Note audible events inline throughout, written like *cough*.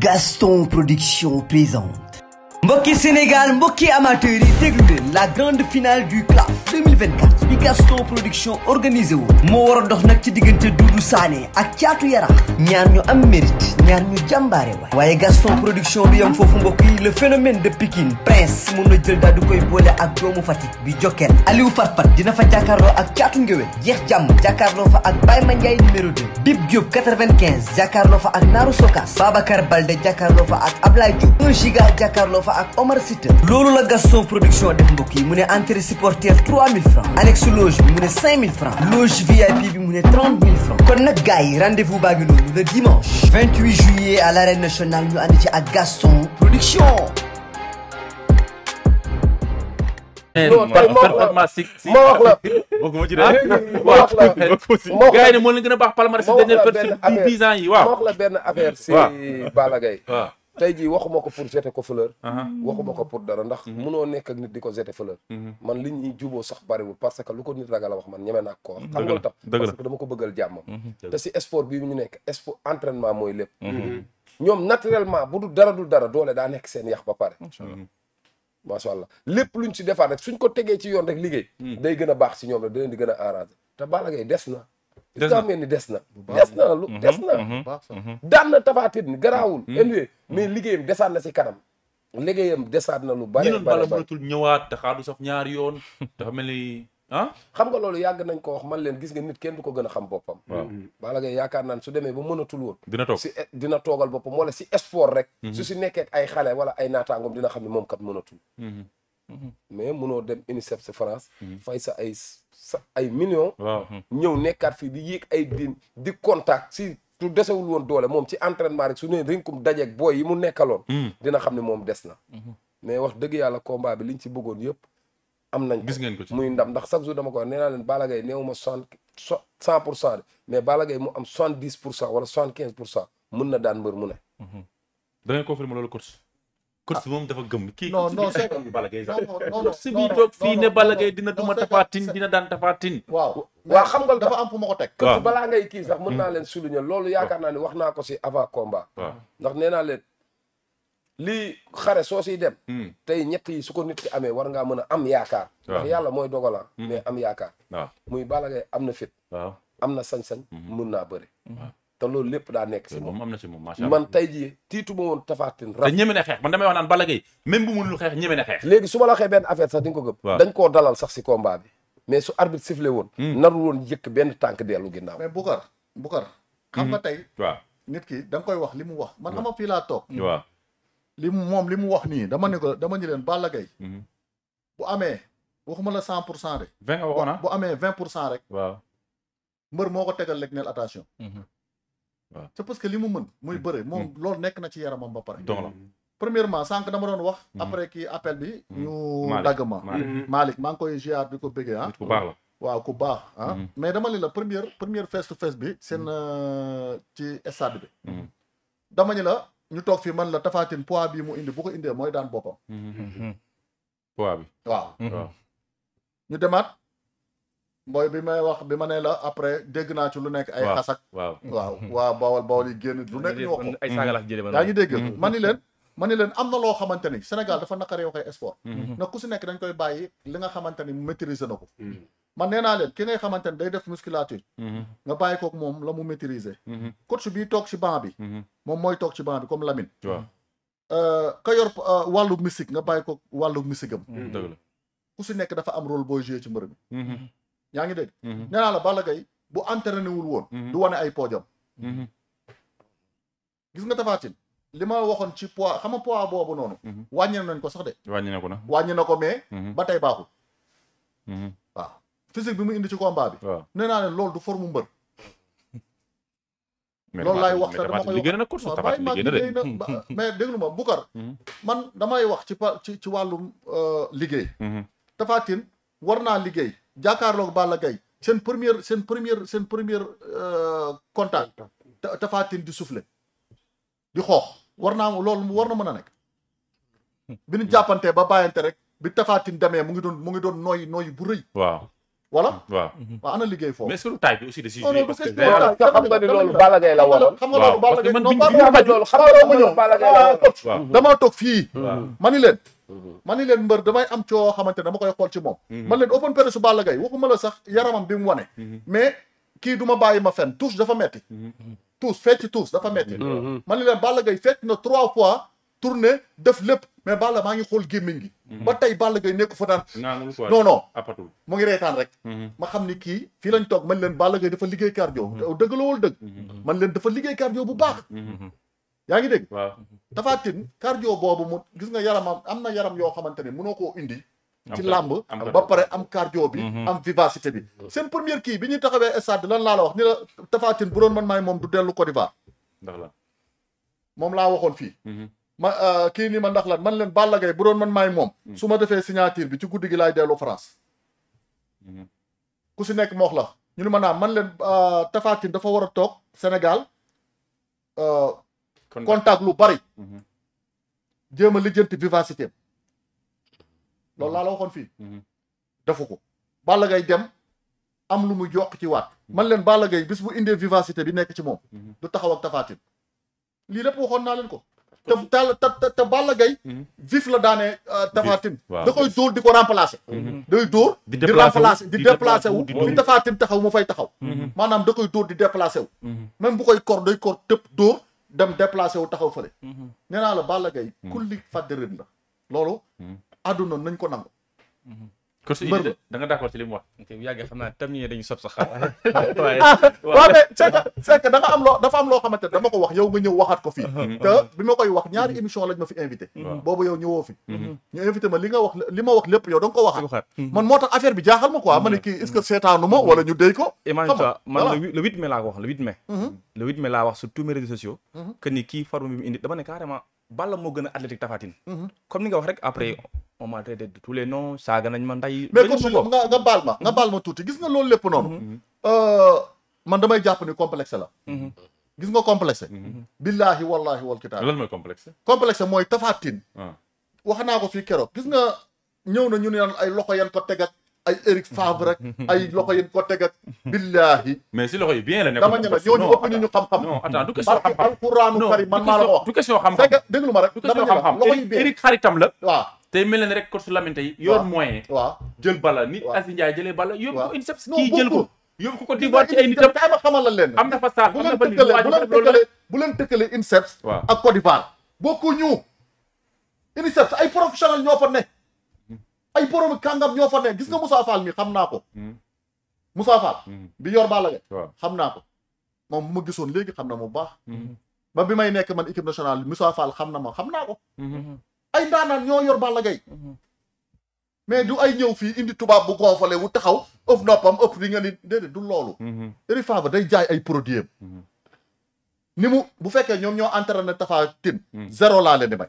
Gaston Production présente mbokki Sénégal mbokki amateurs yi déglu la grande finale du CLAF 2024 bi Gaston production organisé wu moo war a dox nag ci diggante Doudou Sané ak Thiatou Yarakh ñaar ñu am mérite ñaar ñu jàmbaare waaye Gaston production bi yam foofu mbokk yi la phénomène de Pikine Prince moom la jël daal di koy boole ak doomu Fatick bi Jokkel Aliou Fatfat dina fa jàkkaarloo ak Thiatou Ngéwél jeex jàmm jàkkaarloo fa ak Baye Mandiaye numéro 2 Bib Diop 95 fa ak Naaru Sokas Babacar Balde jàkkaarloo fa ak Ablaye Diop 1 giga jàkkaarloo fa ak Omar la Gaston production def mbokk yi mu ne entrée francs annexe loge bi mu ne 5000 bi mu kon nag gars yi rendez-vous baa ngi noonu le dimanche 28 juillet à l'arène nationale ñu ànd ci ak Gaston production non eh, tey moo wax la moo wax la bokkuma ah, moo wax la gars yi ne moo leen gën a yi waaw moo la benn affaire si tey jii waxuma ko pour jeter ko fleur mm-hmm. waxuma ko pour dara ndax mënoo mm-hmm. nekk ak nit di ko jeter fleur mm-hmm. man li ñuy juboo sax bariwul parce que lu ko nit ragal a wax man ñeme naa ko wax xam nga tax parce que dama ko bëggal jàmmam te si sport bii ñu nekk sport entraînement mooy lépp ñoom naturellement bu du dara du dara doole daa nekk seen yax ba pare macha allah lu ñu si defaat rek suñ ko tegee ci yoon rek liggéey mm. day gën a baax si ñoom rek da di gën a arrangé te Balla Gaye des na est-ce ni des na mhm. des na lu des na daan na tafaatit ni garaawul enwie mhm. mais mhm. liggéeyam desaat na si kanam liggéeyam desaat na lu bari ñi bala mënatul ñëwaat te xaadu saf ñaari yoon dafa mel ni ah xam nga loolu yàgg nañ ko wax man leen gis nga nit kenn du ko gën a xam boppam Balla Gaye yaakaar naan su demee ba mënatul woon dina toog eh, dina toogal boppam wala si sport rek su si nekkee ay xale wala ay naataangoom dina xam ne moom kat mënatul mais munoo dem UNICEF si France. Mhm. fay sa ay sa ay millions. ñëw nekkaat fii di yéeg ay di di contact si. su desewul woon doole moom si entraînement rek su ne rinkum dajeeg booy yi mu nekkaloon. Hmm. dina xam ne moom des na. Mhm. mais wax dëgg yàlla combat bi liñ ci bëggoon yëpp. am nañ gis ngeen ko ci muy ndam ndax chaque jour dama ko wax nee naa leen Balla Gaye néew ma soixante cent pour cent de mais Balla mu am soixante dix pour cent wala quinze pour cent mun na daan mbër mu ne. Mhm. course ah. moom dafa gëm kii. non non c'est si biir toog fii ne Balla dina duma tafatin dina daan tafatin. waaw waaw xam nga dafa am fu ma ko teg. waaw balaa ngay kii sax mën naa hmm. leen souligner loolu yaakaar naa ne wax naa ko si avant combat. ndax nee naa leen lii xare soo siy dem. Hmm. tey ñett yi su ko nit ki amee war ngaa mën a am yaakaar. yàlla mooy dogalaan. Ah, hmm. mais am yaakaar. muy Balla Gaye am na fit. am na sañ-sañ. mun naa bëri. te loolu lépp daa nekk si moom am na si moom macha Allah man tey jii tiitu ma woon Tapha Tine te ñeme na xeex man damay wax naan Balla Gaye même bu mënul xeex ñeme na xeex léegi su ma la waxee benn affaire sax di ko gëm dañ koo dalal sax si combat bi mais su arbitre sifflé woon hmm. narul woon yëkk benn tànk dellu ginnaaw mais Boucar Boucar xam hmm. nga tey waaw nit ki da koy wax li mu wax man ama ma laa toog hmm. waaw li mu moom li mu wax nii dama ne ko dama ñu leen Balla bu amee waxuma la cent pour cent rek vingt waxoon bu amee vingt pour cent rek waaw mbër moo ko tegal rek neel attention waaw c'est parce que li mu mën muy mm. bëre moom mm. loolu nekk na ci yaramam ba pare premièrement sànq dama doon wax mm. après ki appel bi ñu dagg ma mm-hmm. Malick maa ngi koy ziar di ko bëggee ah ku baax la waaw ku baax ah. mm-hmm. mais dama li la première première face to face bi seen euh, ci stade bi dama ñu la ñu toog fii man la tafaatin pois bii mu indi bu ko indee mooy daan boppam mm-hmm. poids bi waaw ñu demaat mooy bi may wax bi ma ne la après dégg naa ci lu nekk ay xasak waaw waaw waa bawal bawal yi génn lu nekk ñu wax ko ay saaga la jëlee yaa ma ni leen ma ni leen am na loo xamante ni Sénégal dafa naqaree waxee sport mm-hmm. Mm-hmm. na ku si nekk dañ koy bàyyi li nga xamante ni maîtriser na ko mm-hmm. man nee naa leen ki ngay xamante day def musculature nga bàyyi kook moom la mu maîtriser coach bii toog ci banc bi moom mooy toog ci banc bi comme Lamine euh, ka yor euh, wàllu musique nga bàyyi kook wàllu musique am ku si nekk dafa am rôle booy jouer ci mbër yaa ngi dégg. Mhm. nee la bala Gaye bu entraîné wul woon. Mhm. du wane ay podium. Mhm. gis nga Tapha Tine li ma waxoon ci poids xam nga poids boobu noonu. wàññi nañ ko sax de. wàññi na ko na ko mais. ba tey baaxul. waaw physique bi mu indi ci combat bi. waaw nee naa leen loolu du forme mbër. *laughs* loolu laay wax te dama koy wax *laughs* mais déglu ma Bukar man damay wax ci pa ci ci wàllum euh, liggéey. Tapha Tine war naa liggéey. jàkkaarloog Balla Gaye seen première seen première seen première euh, contact Tapha Tine di soufflé di xoox war naa loolu war na mën a nekk hmm. bi ñu jàppantee ba bàyyante rek bi tafaatin Tine demee mu ngi doon mu ngi doon nooy nooy bu rëy waaw voilà waaw mm-hmm. waaw mm-hmm. ana liggéey foofu. mais est-ce que du taay bi aussi toog fii. Mm-hmm. ma ni leen. ma ni leen mbër damay am coo xamante ne dama koy xool ci moom. man leen open press su Balla Gaye waxuma la sax yaramam bi mu wane. mais kii du ma bàyyi ma fenn tous dafa metti tous fecc tous dafa metti ma ni leen Balla Gaye fecc na trois fois. tourné def lépp mais Balla maa ngi xool gémmiñ gi. Mhm. ba tey Balla Gaye nekk fa daan. non non mu ngi reetaan rek. Mhm. ma xam ni kii fii lañ toog man leen Balla Gaye dafa liggéey cardio. Mhm. dëgg la wala dëgg. man leen dafa liggéey cardio bu baax. yaa ngi dégg. waaw Tapha Tine cardio boobu mu gis nga yaramam am na yaram yoo xamante ne mënoo koo indi. ci làmb ba pare am cardio bi. am vivacité bi. seen première kii bi ñuy taxawee stade lan laa la wax ni la Tapha Tine bu man maay moom du dellu Côte d'Ivoire. ndax la moom laa waxoon fii. ma euh, kii ni ma ndax lan man leen Balla Gaye bu doon man maay moom mm. su ma defee signature bi ci guddi gi laay dellu France mm-hmm. ku si nekk moox la ñu ne ma naa man leen euh, Tapha Tine dafa war a toog Sénégal euh, contact lu bari mm-hmm. jéem a lijjanti vivacité am mm-hmm. loolu laa waxoon fii defu ko Balla Gaye dem am lu mu jokk ci waat man leen Balla Gaye bis bu indee vivacité bi nekk ci moom du taxaw ak Tapha lii lépp waxoon naa leen ko te te te Balla Gaye mhm. vif la daane euh, Tapha da koy dóor di ko remplacer mhm. Mhm. day dóor di remplacer di déplacer wu fi Tapha Tine taxaw mu fay taxaw maanaam da koy dóor di déplacer wu même bu koy kor day kor tëb dóor dem déplacer wu taxaw fële nee naa la Balla Gaye kulli fadderin la loolu àdduna nañ ko nangu course yi da nga d'accord ci li mu wax. ok bu yàggee xam naa tam ñii dañuy sot sax. waaye *laughs* ah, waaw mais c'est que c'est que da nga am loo dafa am loo xamante ne yow nga ñëw waxaat ko fii. Mhm. te bi ma koy wax ñaari émission lañ fi invité. Mhm. boobu yow ñëwoo fi. Mhm. ñu invité ma li nga wax li yow da waxaat. man moo tax affaire bi jaaxal ma quoi ma ne kii est wala ñu ko. imagine-toi man laa wax le huit réseaux sociaux. que ni kii bi mu indi dama ne carrément moo gën a athlétique Tapha Tine. ni nga wax rek après on m'a traité de tous les noms saaga nañ ma nday. mais comme nga nga mhm. baal ma tuuti gis nga loolu lépp noonu. Mhm. Euh, man damay jàpp ni complexe la. Mhm. gis nga complexe. billahi wallahi wal kitaab. lan mooy complexe. complexe mooy tafaatin. Ah. wax naa ko fii keroog gis nga ñëw na ñu ne ay loxo yan ko teg ay Eric Favre rek *laughs* ay loxo yéen ko teg ak billahi mais si loxo yi bien la nekk dama ñu ne ñooñu ëpp nañu xam-xam non attends du question xam-xam alquranu karim man maa la ko wax du question xam-xam déglu ma rek dama ñu ne loxo yi bien Eric xaritam la waaw tey mel na rek course Lamine tey. yor moyen. waaw jël bala nit Aziz Ndiaye jële bala. waaw yóbbu ko INSEP kii jël ko. yóbbu ko di boor ci ay nitam kaay ma xamal la leen. am na fa waa ñu bu leen tëkkalee INSEP. waaw ak Côte d'Ivoire. bokkuñu INSEP ay professionnels ñoo fa ne. ay borom kàngam ñoo fa ne gis nga Moussa Fall mi xam naa ko. Hmm. Moussa Fall. Hmm. bi yor bala la xam naa ko moom mu ma gisoon léegi xam na mu baax. Hmm. ba bi may nekk man équipe nationale Moussa Fall xam na ma xam naa ko. ay ndaanaan ñoo yor Balla Gaye mais du ay ñëw fii indi tubaab bu gonfale wu taxaw ëf noppam ëf di nga ni déedéet du loolu Eri mhm. Fafa day jaay ay produit am mhm. ni mu bu fekkee ñoom ñoo entraîné Tapha Tine mhm. zéro laa leen di may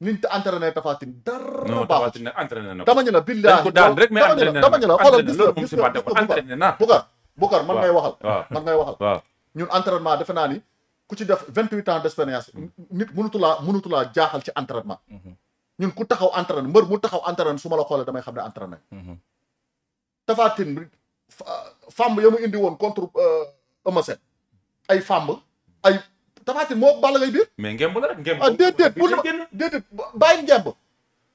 niñ te entraîné Tapha Tine dara baaxul dama ñu la billaahi dama ñu la xoolal gis nga gis nga Bukar man ngay waxal man ngay waxal ñun entraînement defe naa ni ku ci def vingt huit ans d' expérience mm. nit mënutu laa mënutu laa jaaxal ci entraînement mm-hmm. ñun ku taxaw entraîne mbër mu taxaw entraîne su ma la xoolee damay xam ne entraîné mm-hmm. tafaatin fàmb ya mu indi woon contre euh, Eumeu Sène ay fàmb ay biir mais ngemb la rek ngemb ah déedéet bu déedéet bàyyi ngemb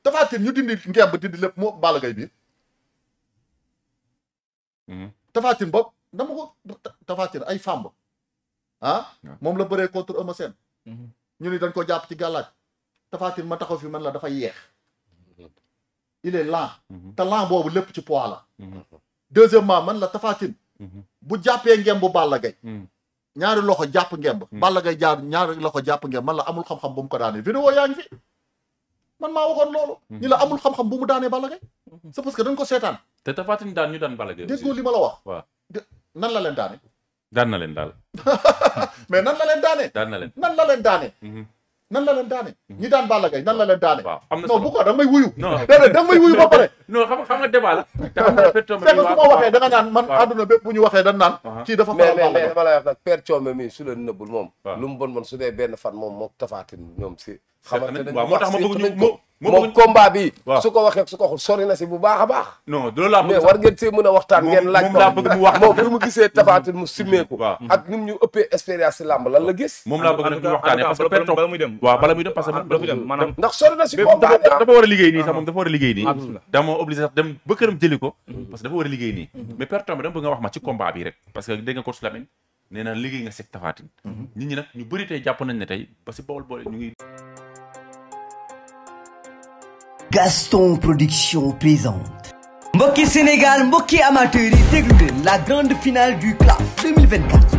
tafaatin ñu dindi ngemb dindi lépp moo Balla Gaye biir mm-hmm. tafaatin boobu dama ko tafaatin ay fàmb Ah? ah moom la bëree contre Eumeu Sène mhm. ñu ni dañ ko jàpp ci gàllaaj tafaatin ma taxaw fi man la dafa yeex il est lent mhm. te lent boobu lépp ci pois la mhm. deuxièmement man la tafaatin bu jàppee ngemb bu Balla Gaye ñaari loxo jàpp ngemb Balla Gaye jaar ñaari loxo jàpp ngemb man la amul xam-xam bu mu ko daanee vidéo yaa ngi fi man maa waxoon loolu ñu la amul xam-xam bu mu daanee Balla Gaye c'est parce que dañ ko seetaan te tafaatin daan ñu daan Balla Gaye déggoo li ma la wax nan la leen daane daan na leen daal. mais nan la leen daane. daan na leen nan la leen daane. nan la leen daane. ñi daan Balla Gaye nan la leen daane. waaw am na non bu ko da nga may wuyu. non déedéet may wuyu ba pare. non xam waxee da nga naan man àdduna bépp bu ñu waxee da naan. kii dafa faral mais mais dama lay mi su leen nëbbul moom. lu bon bon su dee benn fan moom moog tafaatin ñoom si. xamante ne waaw moo tax ma bëgg ñu moom combat bi. su ko waxee su ko waxul sori si bu baax a baax. non loolu laa bëgg a waxtaan ngeen laaj. moom laa bëgg mu wax moom ndax sori si combat bi ah. dafa mhm. parce que dafa war a liggéey nii. Mhm. mais perto bi dama bëgg nga wax ma ci combat bi rek parce que dégg nga coach Lamine nee na liggéey nga seg tafaatin mhm. nit ñi nag ñu bëri tey jàpp nañ ne tey parce que bawol boole ñu ngi Gaston Production présente mbokki Sénégal mbokki amateurs yi déglu la grande finale du CLAF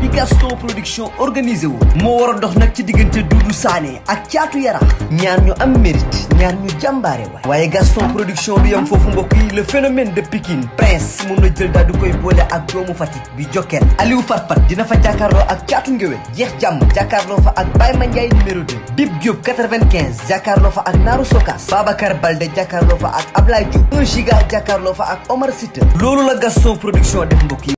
bi Gaston production organisé wu moo war a dox nag ci diggante Doudou Sané ak Caatu Yarax ñaar ñu am mérite ñaar ñu jàmbaare waay waaye Gaston production bi yam foofu mbokk yi la phénomène de Pikine Prince moom la jël daal di koy boole ak doomu Fatick bi Jokkel Aliou Fatfat dina fa jàkkaarloo ak Caatu Ngéwél jeex jàmm jàkkaarloo fa ak Baye Mandiaye numéro 2 Bib Diop 95 jàkkaarloo fa ak Naaru Sokas Babacar Balde jàkkaarloo fa ak Ablaye Diop 1 giga fa ak Omar loolu la Gaston production def mbokk